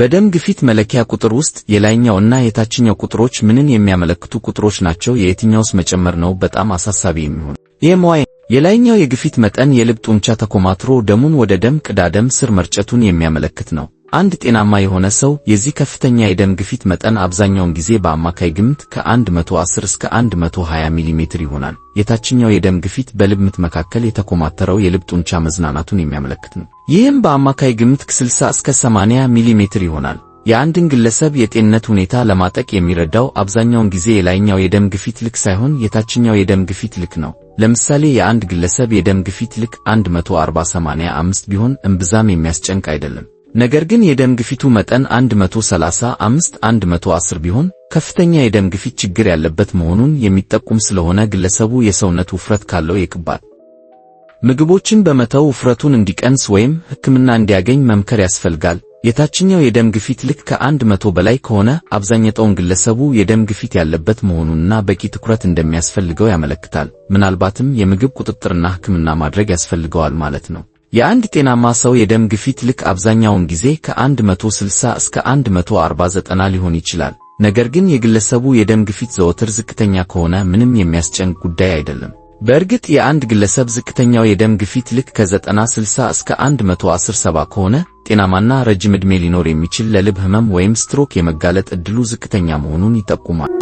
በደም ግፊት መለኪያ ቁጥር ውስጥ የላይኛውና የታችኛው ቁጥሮች ምንን የሚያመለክቱ ቁጥሮች ናቸው? የየትኛውስ መጨመር ነው በጣም አሳሳቢ የሚሆን? ኤምዋይ የላይኛው የግፊት መጠን የልብ ጡንቻ ተኮማትሮ ደሙን ወደ ደም ቅዳደም ስር መርጨቱን የሚያመለክት ነው። አንድ ጤናማ የሆነ ሰው የዚህ ከፍተኛ የደም ግፊት መጠን አብዛኛውን ጊዜ በአማካይ ግምት ከ110 እስከ 120 ሚሜ ይሆናል። የታችኛው የደም ግፊት በልብ ምት መካከል የተኮማተረው የልብ ጡንቻ መዝናናቱን የሚያመለክት ነው። ይህም በአማካይ ግምት ከ60 እስከ 80 ሚሜ ይሆናል። የአንድን ግለሰብ የጤንነት ሁኔታ ለማጠቅ የሚረዳው አብዛኛውን ጊዜ የላይኛው የደም ግፊት ልክ ሳይሆን የታችኛው የደም ግፊት ልክ ነው። ለምሳሌ የአንድ ግለሰብ የደም ግፊት ልክ 140/85 ቢሆን እምብዛም የሚያስጨንቅ አይደለም። ነገር ግን የደም ግፊቱ መጠን 135 110 ቢሆን ከፍተኛ የደም ግፊት ችግር ያለበት መሆኑን የሚጠቁም ስለሆነ ግለሰቡ የሰውነት ውፍረት ካለው የቅባት ምግቦችን በመተው ውፍረቱን እንዲቀንስ ወይም ሕክምና እንዲያገኝ መምከር ያስፈልጋል። የታችኛው የደም ግፊት ልክ ከአንድ መቶ በላይ ከሆነ አብዛኛውን ግለሰቡ የደም ግፊት ያለበት መሆኑንና በቂ ትኩረት እንደሚያስፈልገው ያመለክታል። ምናልባትም የምግብ ቁጥጥርና ሕክምና ማድረግ ያስፈልገዋል ማለት ነው። የአንድ ጤናማ ሰው የደም ግፊት ልክ አብዛኛውን ጊዜ ከ160 እስከ 149 ሊሆን ይችላል። ነገር ግን የግለሰቡ የደም ግፊት ዘወትር ዝቅተኛ ከሆነ ምንም የሚያስጨንቅ ጉዳይ አይደለም። በእርግጥ የአንድ ግለሰብ ዝቅተኛው የደም ግፊት ልክ ከ90/60 እስከ 117 ከሆነ ጤናማና ረጅም ዕድሜ ሊኖር የሚችል ለልብ ህመም ወይም ስትሮክ የመጋለጥ ዕድሉ ዝቅተኛ መሆኑን ይጠቁማል።